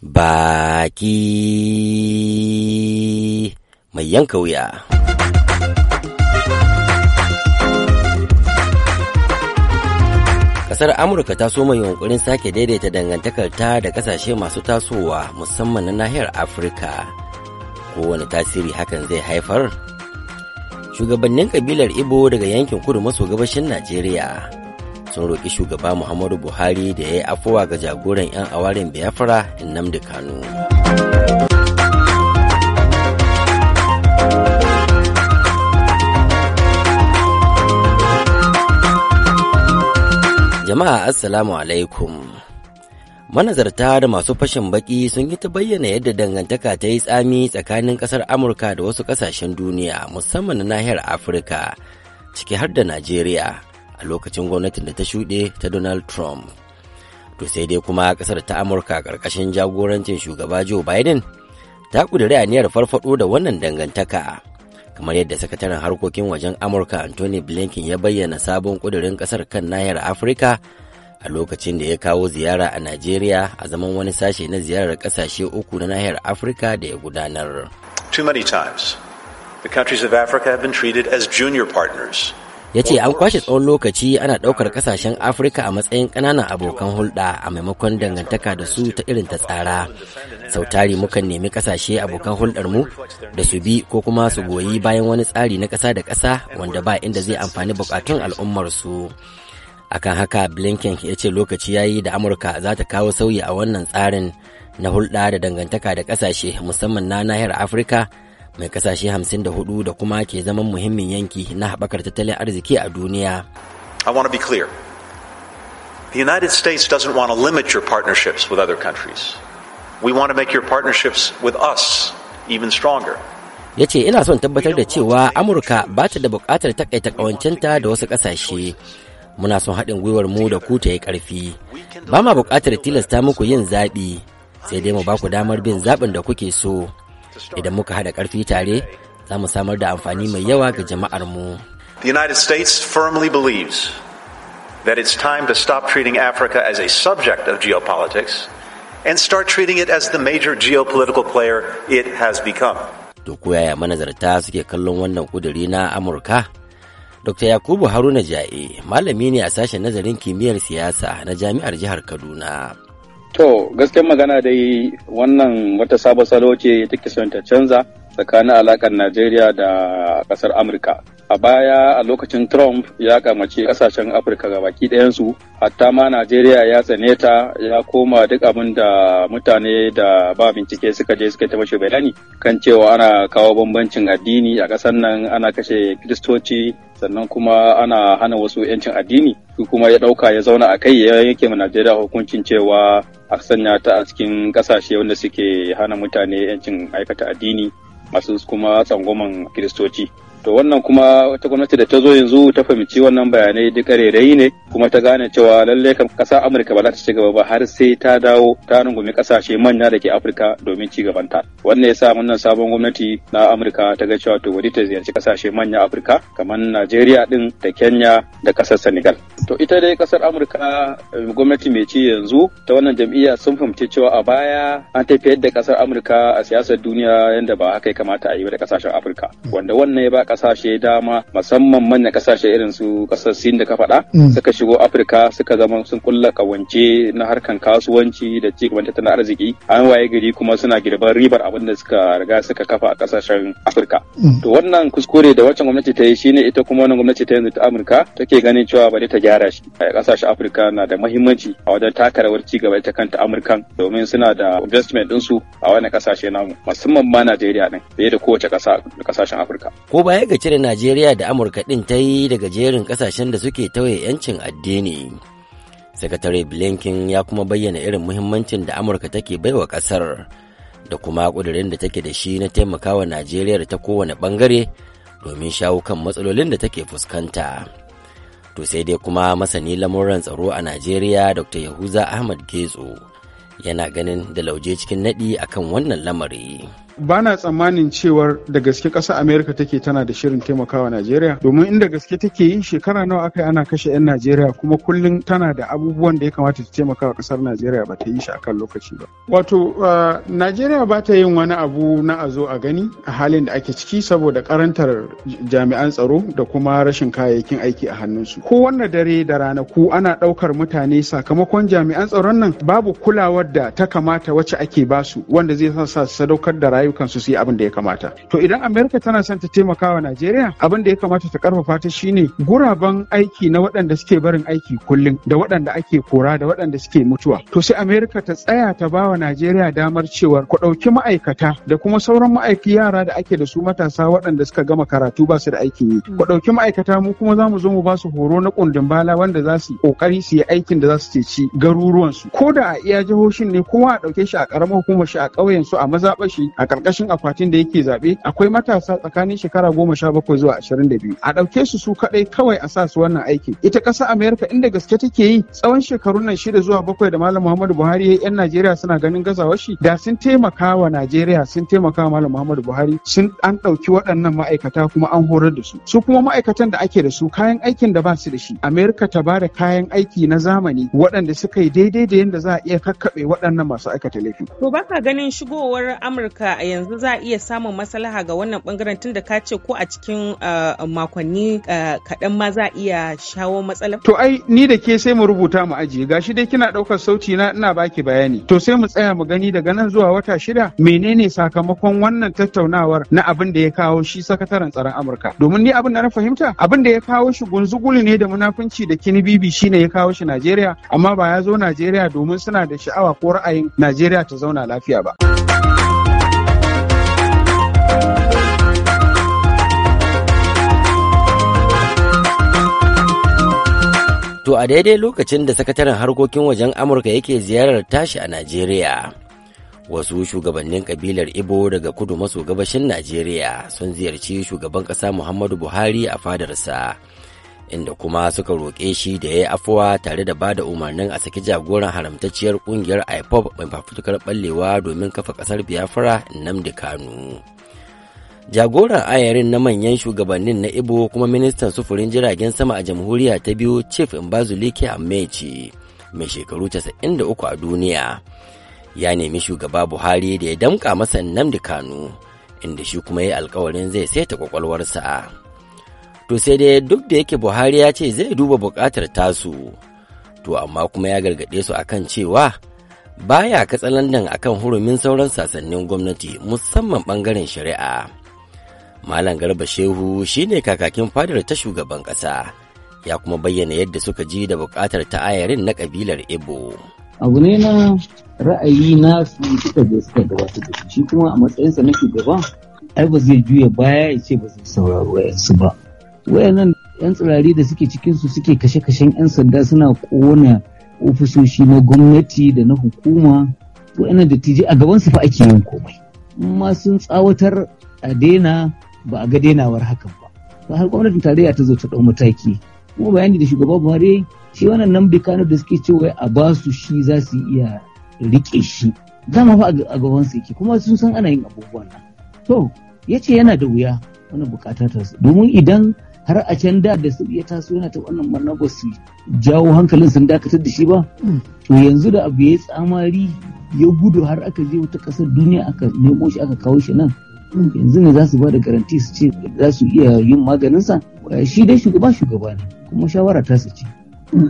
baki mai yanka wuya. Ƙasar Amurka ta soma yunkurin sake daidaita dangantakarta da ƙasashe masu tasowa musamman na nahiyar Afirka. Kowane tasiri hakan zai haifar? Shugabannin ƙabilar Ibo daga yankin kudu maso gabashin Najeriya. sun roƙi shugaba muhammadu buhari da ya yi afuwa ga jagoran 'yan awarin biafra nnamdi kanu jama'a assalamu alaikum manazarta da masu fashin baki sun yi ta bayyana yadda dangantaka ta yi tsami tsakanin ƙasar amurka da wasu ƙasashen duniya musamman na nahiyar afirka ciki har da najeriya a lokacin gwamnatin da ta shuɗe ta Donald Trump. To sai dai kuma ƙasar ta Amurka ƙarƙashin jagorancin shugaba Joe Biden ta ƙudiri a aniyar farfaɗo da wannan dangantaka. Kamar yadda sakataren harkokin wajen Amurka Anthony Blinken ya bayyana sabon ƙudurin ƙasar kan nahiyar Afirka a lokacin da ya kawo ziyara a Najeriya a zaman wani sashe na ziyarar ƙasashe uku na nahiyar Afirka da ya gudanar. Too many times, the countries of Africa have been treated as junior partners ya ce an kwashe tsawon lokaci ana ɗaukar ƙasashen afirka a matsayin ƙananan abokan hulɗa a maimakon dangantaka da su ta irin ta tsara sau tari mukan nemi ƙasashe abokan hulɗar mu da su bi ko kuma su goyi bayan wani tsari na ƙasa da ƙasa wanda ba inda zai amfani buƙatun al'ummarsu. su akan haka blinken ya ce lokaci ya yi da amurka za ta kawo sauyi a wannan tsarin na hulɗa da dangantaka da ƙasashe musamman na nahiyar afirka mai kasashe 54 da kuma ke zaman muhimmin yanki na haɓakar tattalin arziki a duniya. I want to be clear. The United States doesn't want to limit your partnerships with other countries. We want to make your partnerships with us even stronger. ya ce ina son tabbatar da cewa amurka ba ta da bukatar takaita ƙawancinta da wasu ƙasashe muna son haɗin gwiwar mu da ku ta yi ƙarfi ba ma bukatar tilasta muku yin zaɓi sai dai mu ba ku damar bin zaɓin da kuke so Idan muka haɗa ƙarfi tare, za mu samar da amfani mai yawa ga jama'ar mu. The United States firmly believes that it's time to stop treating Africa as a subject of geopolitics and start treating it as the major geopolitical player it has become. To yaya manazarta suke kallon wannan kuduri na Amurka? Dr. Yakubu Haruna Ja'e malami ne a sashen nazarin kimiyyar siyasa na Jami'ar Jihar Kaduna. To gaskiyar magana dai wannan wata sabon salo ce take son ta canza tsakanin alakar Najeriya da kasar Amurka. A baya a lokacin Trump ya kamace kasashen Afirka ga baki ɗayansu, hatta ma Najeriya ya tsane ta ya koma duk abin da mutane da ba bincike suka je suka ta shugaba bayani kan cewa ana kawo bambancin addini a ƙasar nan ana kashe kiristoci sannan kuma ana hana wasu 'yancin addini su kuma ya ɗauka ya zauna a kai ya yanke ma Najeriya hukuncin cewa a sanya ta a cikin ƙasashe wanda suke hana mutane 'yancin aikata addini masu kuma tsangwaman kiristoci to wannan kuma wata gwamnati da ta zo yanzu ta fahimci wannan bayanai duk rairayi ne kuma ta gane cewa lallai kan ƙasa amurka ba za ta ci gaba ba har sai ta dawo ta rungumi ƙasashe manya da ke afirka domin ci gaban ta. wannan ya sa wannan sabon gwamnati na amurka ta ga cewa to wani ta ziyarci ƙasashe manya afirka kamar najeriya din da kenya da ƙasar senegal to ita dai ƙasar amurka eh, gwamnati mai ci yanzu ta wannan jam'iyya sun fahimci cewa a baya an tafiyar da ƙasar amurka a siyasar duniya yadda ba haka ya kamata a yi ba da ƙasashen afirka wanda wannan ya ba kasashe dama musamman manyan kasashe irin su kasar Sin da ka faɗa mm. suka shigo Afirka suka zama sun kulla kawance na harkan kasuwanci da ci gaban tattalin arziki an waye gari kuma suna girban ribar abin da suka riga suka kafa a kasashen Afirka. Mm. To wannan kuskure da wancan gwamnati ta yi shine ita kuma wannan gwamnati ta yanzu ta Amurka take ganin cewa bari ta gyara shi. Kasashen Afirka na da muhimmanci a wajen taka rawar ci gaba ita kanta amurka domin suna da investment ɗinsu a wani kasashe namu musamman ma Najeriya ɗin fiye da kowace ƙasa da kasashen Afirka. Ko bayan baya ga cire najeriya da amurka ɗin ta yi daga jerin ƙasashen da suke tauye 'yancin addini sakatare blinken ya kuma bayyana irin muhimmancin da amurka take baiwa ƙasar da kuma ƙudurin da take da shi na taimakawa najeriya ta kowane ɓangare domin shawo kan matsalolin da take fuskanta to sai dai kuma masani lamuran tsaro a najeriya dr yahuza ahmad getso yana ganin da lauje cikin naɗi akan wannan lamari. ba na tsammanin cewar da gaske ƙasa amerika take tana da shirin taimakawa najeriya domin inda gaske take yi shekara nawa aka yi ana kashe 'yan najeriya kuma kullum tana da abubuwan da ya kamata ta taimakawa ƙasar najeriya ba ta yi shi akan lokaci ba wato uh, najeriya ba ta yin wani abu na a zo a gani a halin da ake ciki saboda karantar jami'an tsaro da kuma rashin kayayyakin aiki a hannunsu kowanne dare da ranaku ana ɗaukar mutane sakamakon jami'an tsaron nan babu kulawar da ta kamata wacce ake basu wanda zai sa sadaukar da rayukansu su yi abin da ya kamata to idan amerika tana son ta taimaka wa najeriya abin da ya kamata ta karfafa ta shine guraben aiki na waɗanda suke barin aiki kullum da waɗanda ake kora da waɗanda suke mutuwa to sai amerika ta tsaya ta ba wa najeriya damar cewar ku ɗauki ma'aikata da kuma sauran ma'aikata yara da ake da su matasa waɗanda suka gama karatu ba su da aikin yi ku ɗauki ma'aikata mu kuma za mu zo mu ba su horo na kundin bala wanda za su ƙoƙari su yi aikin da za su ceci garuruwansu ko da a iya jihohin ne kowa a ɗauke shi a ƙaramar hukumar shi a ƙauyen su a mazaɓa shi a karkashin akwatin da yake zaɓe akwai matasa tsakanin shekara goma sha bakwai zuwa ashirin da biyu a ɗauke su su kaɗai kawai a sa su wannan aikin. ita ƙasa amerika inda gaske take yi tsawon shekarun nan shida zuwa bakwai da malam muhammadu buhari ya yan najeriya suna ganin gazawar shi da sun taimaka wa najeriya sun taimaka wa malam muhammadu buhari sun an ɗauki waɗannan ma'aikata kuma an horar da su su kuma ma'aikatan da ake da su kayan aikin da ba su da shi amerika ta ba da kayan aiki na zamani waɗanda suka yi daidai da yadda za a iya kakkaɓe waɗannan masu aikata laifi. to baka ganin shigowar amurka a yanzu za a iya samun maslaha ga wannan bangaren tun da ka ce ko a cikin eh, makonni eh, kaɗan ma za a iya shawo matsala? To ai ni da ke sai mu rubuta mu ajiye gashi dai kina ɗaukar sauti na ina baki bayani. To sai mu tsaya mu gani daga nan zuwa wata shida menene sakamakon wannan tattaunawar na abin da ya kawo shi sakataren tsaron Amurka. Domin ni abin da na fahimta abin da ya kawo shi Gunzuguli ne da munafunci da kini kinibibi shine ya kawo shi Najeriya amma ba ya zo Najeriya domin suna da sha'awa ko ra'ayin Najeriya ta zauna lafiya ba. To a daidai lokacin da sakataren harkokin wajen Amurka yake ziyarar tashi a Najeriya. Wasu shugabannin kabilar Ibo daga kudu maso gabashin Najeriya sun ziyarci shugaban ƙasa Muhammadu Buhari a fadarsa, inda kuma suka roƙe shi da ya yi afuwa tare da ba da umarnin a saki jagoran haramtacciyar ƙungiyar IPOP mai fafutukar ɓallewa domin kafa ƙasar Biafra Nnamdi Kanu. jagoran ayarin na manyan shugabannin na ibo kuma ministan sufurin jiragen sama a jamhuriya ta biyu chief mbazulike amechi mai shekaru 93 a duniya ya nemi shugaba buhari da ya damka masa nnamdi kanu inda shi kuma ya alkawarin zai saita kwakwalwarsa to sai dai duk da yake buhari ya ce zai duba bukatar tasu to amma kuma ya gargaɗe su akan cewa baya katsalandan akan hurumin sauran sasannin gwamnati musamman bangaren shari'a Malam Garba Shehu shine kakakin fadar ta shugaban ƙasa, ya kuma bayyana yadda suka ji da buƙatar ta ayarin na ƙabilar Ibo. Abu ne na ra'ayi na su suka je suka gabatar da shi kuma a matsayinsa na shugaba ai ba zai juya baya ya ce ba zai sauraro wayansu ba. Wayannan 'yan tsirari da suke cikinsu suke kashe-kashen 'yan sanda suna ƙona ofisoshi na gwamnati da na hukuma wayannan dattijai a gabansu fa ake yin komai. Amma sun tsawatar a daina ba a ga denawar hakan ba ba har gwamnatin tarayya ta zo ta ɗau mataki kuma bayani da shugaba buhari shi wannan nan bikano da suke cewa a ba su shi za su iya rike shi dama fa a gaban su yake kuma sun san ana yin abubuwan nan to ya ce yana da wuya wannan bukata ta su domin idan har a can da da su ya taso yana ta wannan barna jawo hankalin sun dakatar da shi ba mm. to yanzu da abu ya yi tsamari ya gudu har aka je wata ƙasar duniya aka nemo shi aka kawo shi nan yanzu ne za su ba da garanti su ce za su iya yin maganinsa shi dai shugaba shugaba ne kuma shawara ta su ce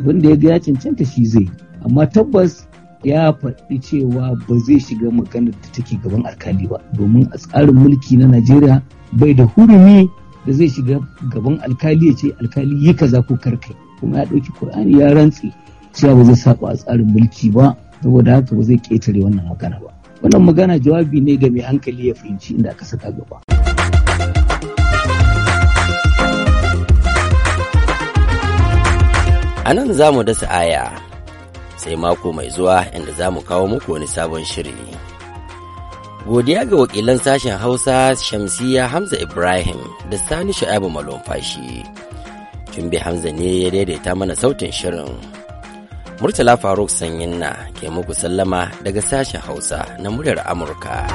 wanda ya ga ya cancanta shi zai amma tabbas ya faɗi cewa ba zai shiga maganar da take gaban alkali ba domin a tsarin mulki na najeriya bai da hurumi da zai shiga gaban alkali ya ce alkali yi kaza ko karkai kuma ya ɗauki ƙur'ani ya rantse cewa ba zai saba a tsarin mulki ba saboda haka ba zai ƙetare wannan magana ba wannan magana jawabi ne ga mai hankali ya fahimci inda aka saka gaba a nan za mu dasa aya sai mako mai zuwa inda za mu kawo muku wani sabon shiri godiya ga wakilan sashen hausa shamsiya hamza ibrahim da sani sha'ibu malumfashi Jumbe Hamza ne ya daidaita mana sautin shirin. Murtala Faruk Sanyinna ke muku sallama daga sashen Hausa na muryar Amurka.